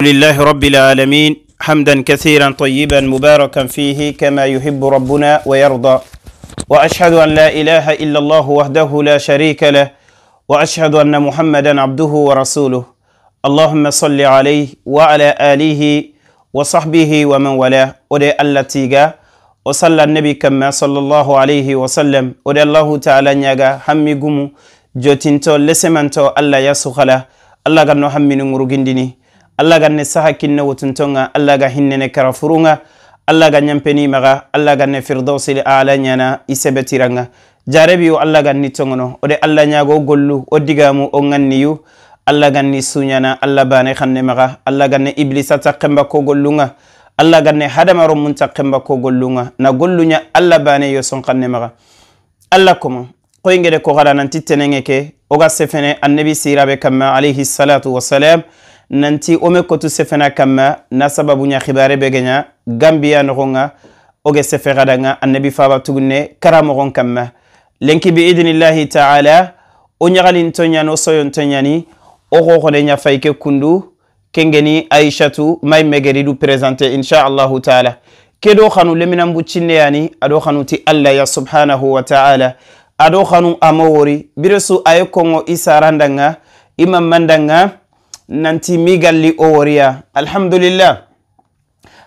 لله رب العالمين حمدا كثيرا طيبا مباركا فيه كما يحب ربنا ويرضى واشهد ان لا اله الا الله وحده لا شريك له واشهد ان محمدا عبده ورسوله اللهم صل عليه وعلى اله وصحبه ومن والاه ودي التيغا وصلى النبي كما صلى الله عليه وسلم ودي الله تعالى نيغا حمي جوتينتو لسمنتو الله يسخلا الله غنو حمي نمرو allah ga ne saha kinne wotuntonga allah ga hinnene kara furunga allah ga ñampeni maga allah ga ne firdosile ala ñana i sebetiranga jarebi o allah ganni tongono ode allah ñago gollu o digamu o ganniyu allah ganni suñana allah bane xanne maga allah ga ne iblisa taqemba ko gollunga allah ga ne hadamaro mun taqemba ko gollunga na golluña allah bane yo son xanne maga allah komo koyngede ko xala nantittenenge ke oga sefene annabi sirabe kamma alayhi salatu wasalam nanti wo me kotu sefena kanma na sababu ɲa xibare be geɲa gambiya noxon ga wo ge sefe xada ŋa annabi faba tugunne karamoxon kanma lenki bi idinillahi taala wo ɲaxalinto ɲani wo soyonto ɲani wo xoxone ɲa fayike kundu kengeni aishatu mai megeri du présenté insha allahu taala ke do xanu leminan bucinne yani ado xanu ti allah ya subhanahu wa taala ado xanu amo wori biresu aye kongo i sarandan ga i mammandan ga nanti migalli o woriya alhamdulillah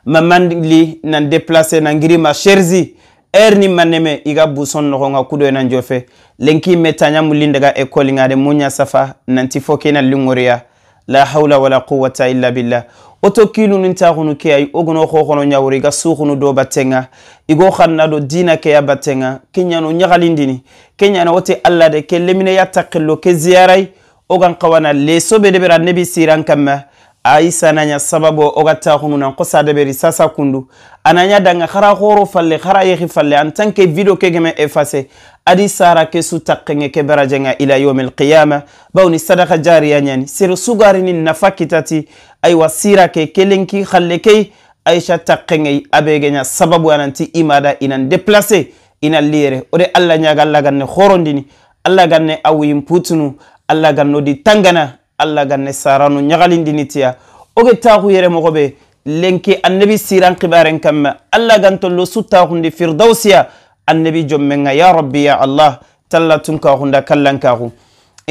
ma manli nan déplacé nan girima chersi heure ni maneme iga buson nogo ga kudo enan jofe lenki me tañamulli daga école ngade muña safa nanti fo kenan lingoriya la hawla wala quwata illa billah oto kinunintaxunu ke ay ogono xoxono ñawri iga suxunu do battenga igo xanna do dina keya battenga ke ñano ñaxalindini ke ñana wote allah de ke lemine ya taqillo ke ziyaray ogan kawana leso be debera nebi siran kamma aisa nanya sababu ogata hunu nan kosa deberi sasa kundu ananya danga khara khoro falle khara yehi falle antanke video ke geme efase adi sara ke su takkenge ke barajenga ila yomil qiyama bawni sadaka jari anyani siru sugari ni nafakitati aywa sira ke kelenki khalle kei aisha takkenge abegenya sababu ananti imada inan deplase ina liere ode alla nyaga alla ganne khorondini alla ganne awuyin putunu Allah gano di tangana Allah ganne saranu ñagalindinitiya oge taakhu yere moxoɓe lenke annabi siran kibaren kamma Allah alla gantollo suttaxundi firdausiya annabi jommenga ya rabbi ya allah talla tunkaxunda kallankaxu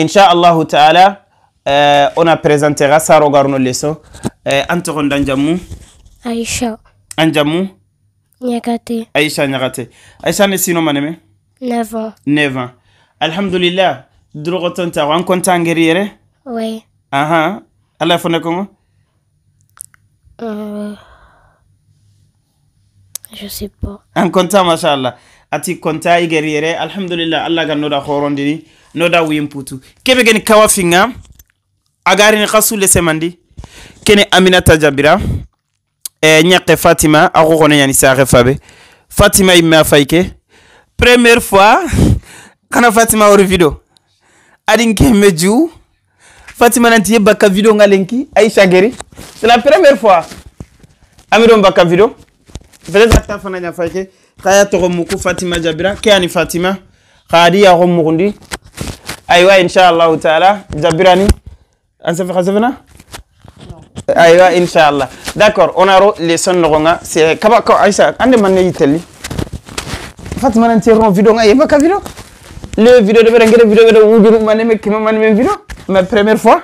inchallahu taala euh, on a présentera sarogaruno leso euh, an toxonda njamu aicha an jamu ñagate aicha ñagate aicha ne sino maneme 9 ans 9 ans alhamdulillah Drogo tonta wan konta Oui. Aha. Ala fone kongo? Euh... Je sais pas. An konta mashallah. Ati konta igeri Alhamdulillah Allah ga noda horondini. Noda wimputu. Kebe geni kawafinga. finga. Agari ni le semandi. Kene amina Jabira. E, Fatima. Ako kone sa fabe? Fatima ime faike Première fois. Kana Fatima video adin kemme ju fatima nanti yebba ka video ngalenki aisha geri c'est la première fois amidon bakka video peut-être akta fana nya fayke khaya to muku fatima jabira kani fatima khadi ya homu gundi aywa inshallah taala jabirani ansafa khasafna ايوه ان شاء الله داكور اونارو لي سون لغونا سي كبا كو عيسى عندي من يتلي فاطمه انت رون فيديو اي بكا فيديو le vidéo de ɓeɗa vidéo de wujunu mane kima mane vidéo ma première fois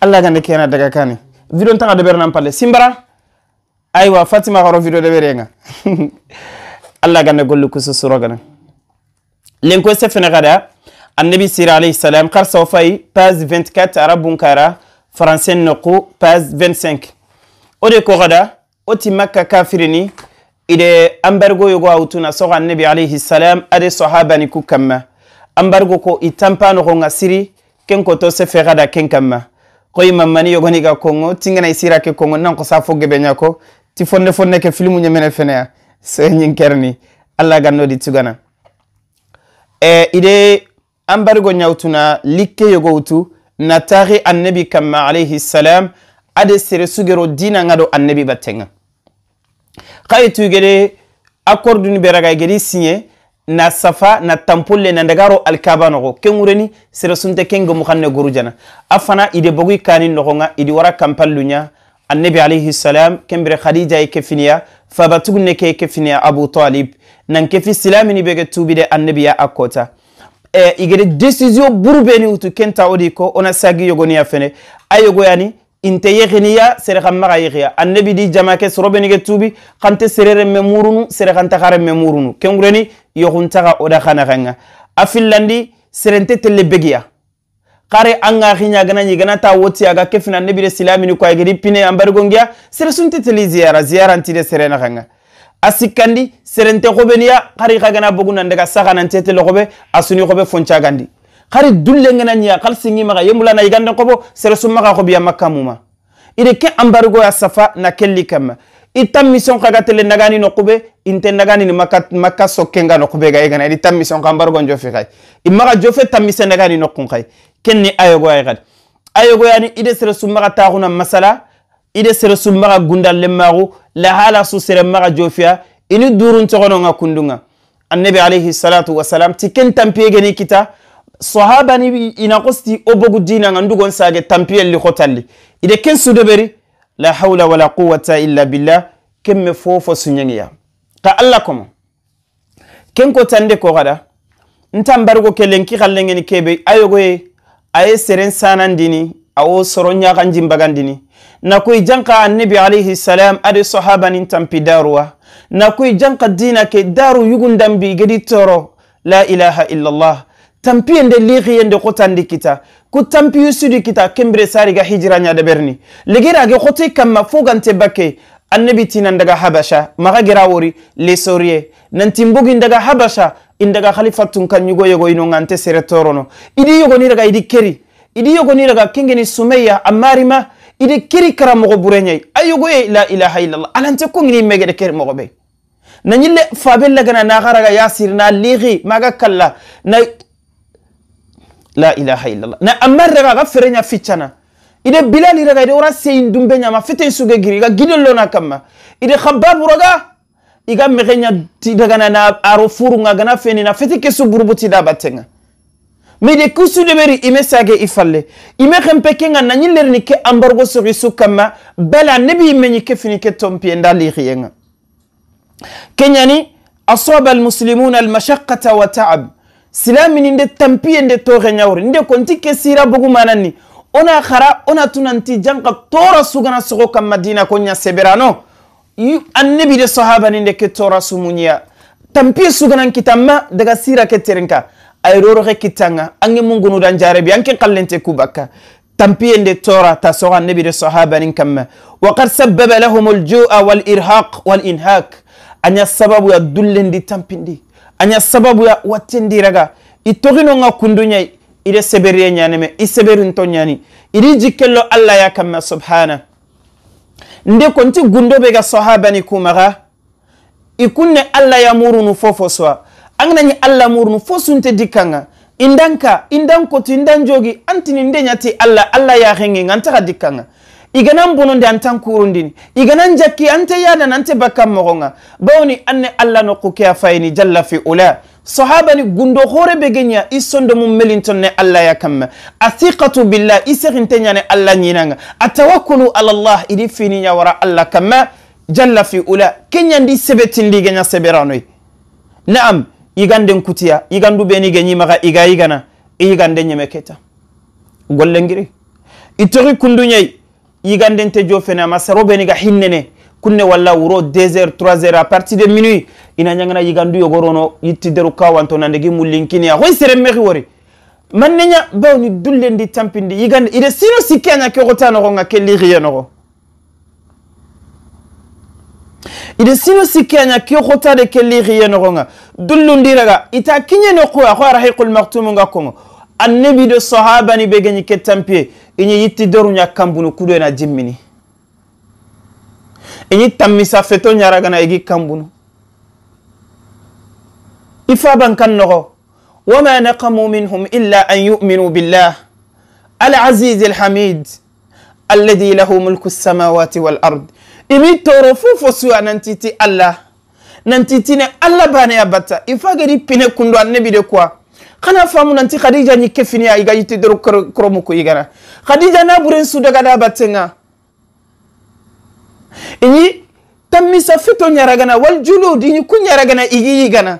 allah gande kena daga kane vidéo taga deɓere nan palle simbara aywa fatima horo vidéo deɓerega allah gande golle kususurogana lenko sefene kada annabi sira alayhi salam qar saw fayi page 24 arabun kara français noku page 25 ode ko kada oti makka kafirini ide anbergo yogo awtuna sogo annabi alayhi salam ade ni ku kamma ambargo ko i tampanoxonga siri ken ko to se fexada ken kam ma xo i mamani yogoniga kongo tingana i sira ke kongo nan xosa fo gebeña ko ti fonde fonde ke filmu ñemene fenea soñinker ni allah gandodi tugana e ide ambargo ñawtuna likke yogowtu na taxi annabi kamma alayhisalam ade sere sugero dinanga do annabi battenga xa e tugede accorduni beraga gedi signe na safa na tampulle na ndagaro alkaba noxo ke ŋureni sere sunte kengemu xanne gurujana a fana idi bogui kani noxonga idi wara kampalluña annabi alayhi salam kembire khadija ye ke e finiya fabatug ne ke ke finiya abu talib nan kefi silamini be ge tubide annabiya a kota e igede décision burubeni wutu kenta odi ko ona sagi yogoniya fene a yogoyani inte yexiniya sere xan maxa yexiya annabi di jama ke soroɓenige tuubi xante sere ren me murunu sere xanta xa ren me murunu ke ngureni yoxuntaxa oda xanaxanga a fillandi serente telle begiya anga xiña gana ñigana ta woti aga kefina nebire silamini ko agedi pine anbarigongiya sere sunte teli ziyara ziyarantide serenaxanga a sikkandi serente xobeniya xari xa gana bogunandaga saxanantetele xobe a suni xobe foncagandi xari dullengana ñiya xal singi maxa yembulana yiganden xobo sere summaxa xobiya makkamuma ide ke anbarigoya safa na kelli itan mission ka gatele nagani nokube inte nagani ni maka, maka sokke nga nokube ga egana iti tan mission ka mbargo njofe kai imaka jofe tan mission nagani nokun kai kenni ayogo ay gadi ayogo yani ide sere summaka taxuna masala ide sere summaka gundal le maxu lahala su sere maka jofiya ini durun tsogono nga kundunga annabi alayhi salatu wasalam ti ken tampiye geni kita sahabani ina kosti obogu dina nga ndugon sage tampiye li khotali ide ken sudeberi la hawla wala quwwata illa billah kemme fofo sunyangiya ka allah komo ken ko tande ko gada ntan bargo kelen ki xallengeni kebe e ay seren sanandini awo soronya ɲaxanjin bagandini nakoyi janka annabi alayhi salam ade sahabanin tanpi na nakoyi janka dina ke daru yugundambi gedi toro la ilaha illallah tampiyende liihiyende hotandi kita ko tampi yusudi kita kembire sariga hijiraɲade berni ligirage hote kanma fogante bakke annabi tinan daga habasha maga gira wori lesorie nantin bogi daga habasha indaga halifatun kan yugo yogo ino ŋante sere torono idi yogoni daga idi keri idi yogoni daga kengeni sumeya amarima idi keri karamogo bureyai a yogoye la ilaha illallah alante kongini megede keri mogo be nayille fabe lagana nagaraga yasir na lihi maga kalla na la ilaha illallah na amar rega ga ferenya ficcana ide bilal rega ide wora seyin dumbe nyama fete suge giri ga gidolona kamma ide khababu rega iga mexeña ti dagana na aro furunga gana fenina fete ke su burbuti da batenga me de kusu de beri ime sage i falle ime xempe ke nga nañi lerni ke embargo soxi su kamma bala nebi meñi ke fini ke tompiye nda lixiyenga ke ñani asoba almuslimuna almashaqata wa taab silamini nde tampiye nde tooxe ñawre nde ko nti ke sira bogumanan ni ona xara ona tunanti janga toora sugana soxo kam madina ko ña seberano annabi de sahabani nde ke toora sumuñiya tampiye suganan kitanma daga sira ke terenka ay roroxe kittanga ange mungunudan jarebi anke xallente kubakka tampiye nde toora ta soxo annabi de sahabanin kamma wa qad sababa lahum aljua walirhaq walinhak aña sababu ya dullendi tampindi aña sababuya wattindiraga i toginonga kundunyay ida seberiye ñaneme i seberinto ñani idi jikkello allah ya kamma subhana nde konti gundobe ga sahabani kumaga i kunne allah ya murunu fofo sowa anganañi allah murunu fo sunte dikkanga indanka indan koti indan jogi antini nde ñati allah allah ya xengenga antaxa dikkanga iganan bonode an tan kurundini iganan jakki ante yadan ante bakkan mogoga bawni anne allah nokku ke a fayini jalla fi ula sahabani gundo hore be geya i sondo mum melinton ne allah ya kamma a sikatu billah i sehinte yane allah ñinaga a tawakkulu alallah idi finiya wara allah kamma jalla fi ula keyandi sebetindi geya seberanoy naam iganden kutiya igandu beni geyimaga iga igana iyigande ñeme keta gollengiri itori kunduñayi yigandente jofene ama saroɓeni ga hinnene kunne walla wuro 2 heures 3 heures a partir de minuit ina ñagana yigandu yogorono yittideru kawanto nande gi mullinkini a hoy sere mexi wori manneña bawni dullendi tampindi yigande ide sino sikke aña ke xota noxonga ke lixiye noxo ide sino sikke aña ke xotade ke lixiye noxonga dullundiraga ita kiñene qoy a xo arahiqul maxtumunga kongo annabi de sahabani ɓe geñi ke tampiye inyi yitti doru ñakkambunu kudoena jimmini inyi tammi saffeto ñaragana igi kambunu ifaban kan noxo wama naqamu minhum illa an yuminu billah العزيز الحميد الذي له ملك السماوات والأرض إمي توروفو فسوى ننتيتي الله ننتيتي الله باني أبتا إفاقري بنا كندو النبي دكوا kana famu nanti khadija ni kefini ya gayi doro kromo ko igana khadija na buren su daga da batenga inyi tammi sa fito nyaragana wal julud inyi kunyaragana igi igana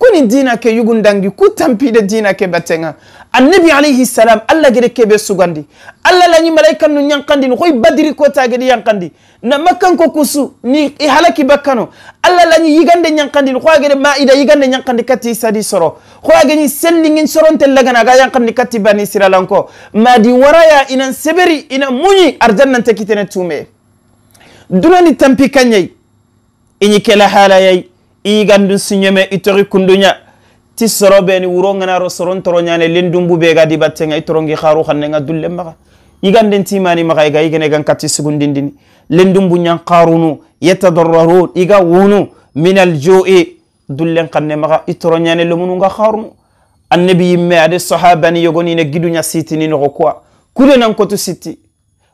kuni dinake yugundangi ku tampide dinake batega annabi alayhisalam allah gede keɓe sugandi allah lañi malaikat no ñankandi no hoye badiri kotageɗi yankandi na makkanko kusu ni i halaki bakkano allah lañi yigande ñankandi no hoyageɗe maida yigande ñankandi kati sadi soro hoyageñi sendigin soronte laganaga yankandi kati bani siralanko madi waraya ina seɓeri ina muñi arjannante kitene tume duroni tampi kañayi iñi kela haalayayi iigandun siñome i tori kunduña ti soro ɓeeni wuro ganaro soron toroñane len dumbu ɓee ga dibattenga i torongi xaru xanne nga dulle maxa iganden timani maxa iga igene gan kati sugundindini len dumbu ñan xarunu yetadararun iga wunu minal joi dullen xanne maxa i toroñane lomunu nga xarunu annabi yimme ade sahabani yogonine giduña sitini noxo quwa kude nan kotu sitti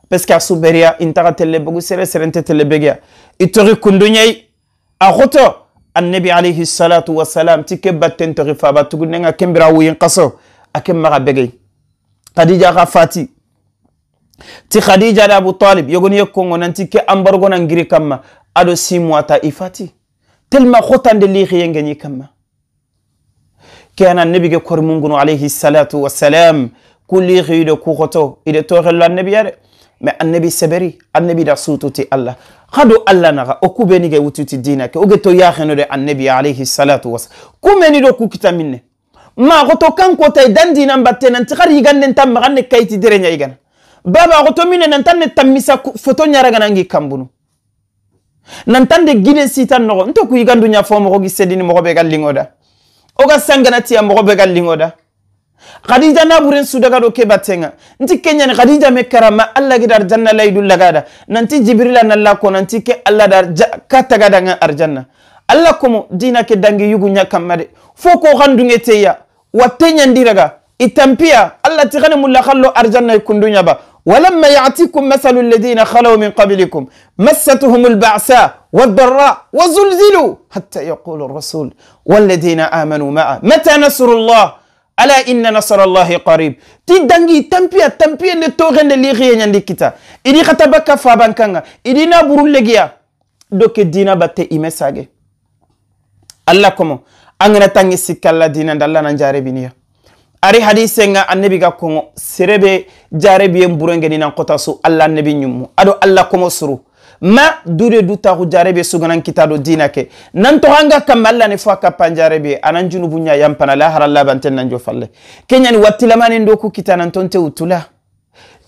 parce que a suɓeria intaxa telle bogu sere serente telle begeya i tori kunduñay a xoto annabi alayhi salatu wasalam ti ke batten toxi faba tugunnenga kembira wuyin qaso a ken maxa begey khadija xa fati ti khadija da abu talib yogoni ye kongo nanti ke ambargona ngiri kamma ado simuata i fati telma xotande lixiyengeñi kamma ke ana annabi ge kormungunu alayhi salatu wasalam ku lixiyido ku xoto ide toxello annabiya de me annabi seberi annabi da sututi allah hado allah naga o kubeni ge wututi dina ke oge to yaxeno de annabi alayhi salatu wasa kumeni do ku kita minne ma goto kan kotay dan dinan batte nanti har yiganden tan magan ne kayti derenya yigana baba goto minne nantan ne tammisa foto ñaraganangi kambunu nantan de giden sitan nogo nto ku yigandu ña fo mogo gi sedini mogo be ga lingoda oga sanganatiya mogo be ga lingoda khadija naburen sudagado ke battenga nti kenyani khadija me karama allah gida arjanna laydu lagada nanti jibrila nalla ko nanti ke allah dar katagadanga arjanna allah komo dina ke dangi yugu nya kammade fo ko khandunge teya watte nyandiraga itampiya allah ti khani mulla khallo arjanna kundunya ba ولما يعتكم مثل الذين خلوا من قبلكم مستهم البعثاء والضراء وزلزلوا حتى يقول الرسول والذين آمنوا معه متى نصر الله ala inna nasarallahi qarib ti dangi tampiya tampiya nde toxende lixiye ñandi kita idi xa tabakka fabankanga idi na buru legiya doke dina batte ime sage allah komo a ngana tangi sikkalla dina nda allah na njarebiniya ari hadise nga annabi ga kongo serebe jarebiyen burengeni nan kotasu allah annabi ñummu ado allah komo suru ma dure du taxu jarebe suganan kita do dina ke nantoxanga kam alla ne fo a kappan jarebe anan junubuya yampana la hara labanten nanjo falle keñani wattilamanin do ku kita nanton te wutula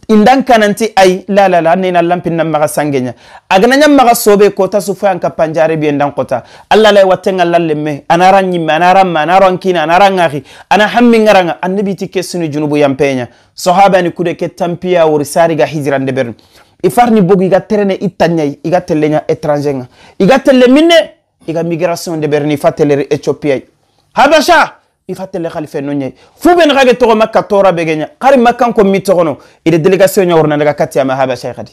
indan kananti ay lalala nena lampinna maxa sangeña aganaña maxa sobe kota su foyan kappan jarebiye ndan kota alla lay wattengallalleme anara ñimme anara ma anaran kina anara ngaxi ana hammingaranga annabiti ke suni junubu yampeña sahabani kude ke tampiya wori sariga hijirandeberu i farni bogu iga terene i tanñayi iga telle ña étranger ŋa iga telle minne iga migration de berni i fa telleri éthiopie ayi habacha i fa telle xali fe no ñayi fu ɓeni xa ge toxo makka tora bege ña xari makkanko mi toxono i de délégation ña woru nandaga katiyama habacha i xadi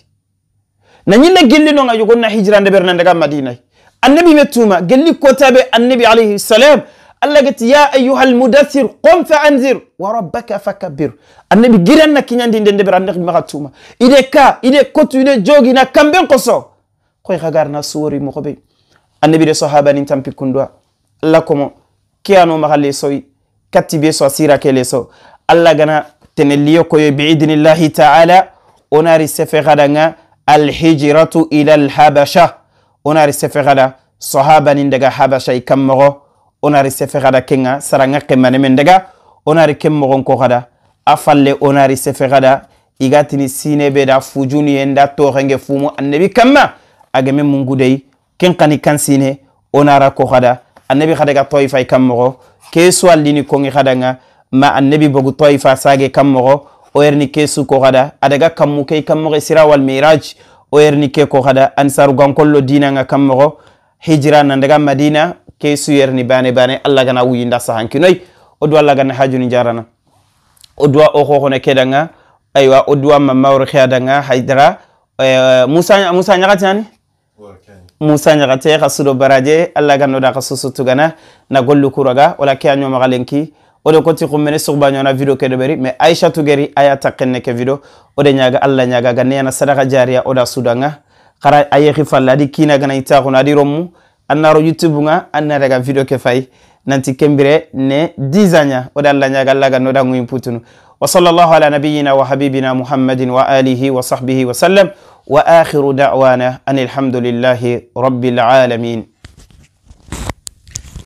nañinna gellinonga yogonna hijra ndeber nandaga madinayi annabi me tuma gelli kotabe annabi alayhi salam allah geti ya ayuha almudassir qom fa anzir wa rabbaka fa kabbir annabi giranna kiñandi nde ndeɓer annahi maha tuma ine ka ine kotu ine joguina kamɓen koso koye ha garna suwori mo koɓey annabi de sahabani tampi kunduwa allah komo kiyanomaha lesoyi katti be so a sirake leso allah gana tene liyo koyo beidinillahi taala onari sefe haɗanga alhijratu ila alhabasha onari sefe haɗa sahabani daga habasha i kammoxo onari sefe haɗa kenga saranga kemmane men daga onari kemmoxon ko haɗa a falle onari sefe gada igatini sine be da fujunu ye nda toxenge fumu annabi kamma aga me mungudei ken kani kan sine onara ko gada annabi xa daga toyifay kam moxo ke soallini kongi xadanga ma annabi bogu toyifa sage kam moxo o yerni ke su ko xada a daga kammu kei kam moxe sira wal miraj o yerni ke ko xada an sarugankollo dinanga kam moxo hijira na daga madina ke su yerni bane bane allah gana wuyinda sahankinoy o du allah gana hajuni jarana o duwa o xooxona ke danga aywa o duwa mamaworo xe a danga haydara eh, moussa ñaxatinani moussa ñaxate xa sudo baradie a laganoɗa xa sosutugana na gollu kuraga wala ke a ñoomaxa leng ki o de koti xum mene suxbañona video ke ɗo ɓeri mais aichatu geri aya taqen neke video o de ñaga allah ñaga ga neyana sadaxa jaria oda sudanga xara a yexi falle adi kiinagana yitaxuna adi rom mu a naro youtube nga a nadaga video ke faye nanti kembire ne disanya oda alla nyaga alla ga noda ngui putunu wa sallallahu ala nabiyyina wa habibina muhammadin wa alihi wa sahbihi wa sallam wa akhiru da'wana anil hamdulillahi rabbil alamin